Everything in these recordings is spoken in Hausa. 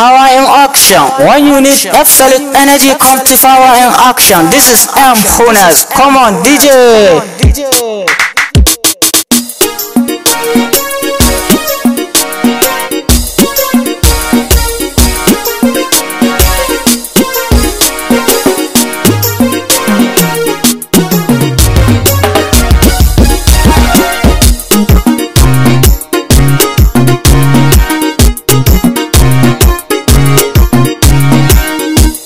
power in action. One unit absolute energy come to power in action. This is M Funes. Come on, DJ. Come on, DJ.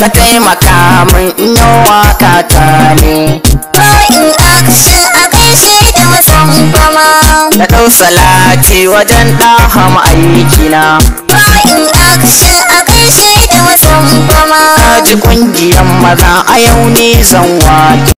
ka taimaka min in yi ka ta ne in aksin a shi da masan fama da ɗau salati wajen ɗaham aikina in aksin a shi da masan fama ka ji ƙungiyar maza a yau ne zan wake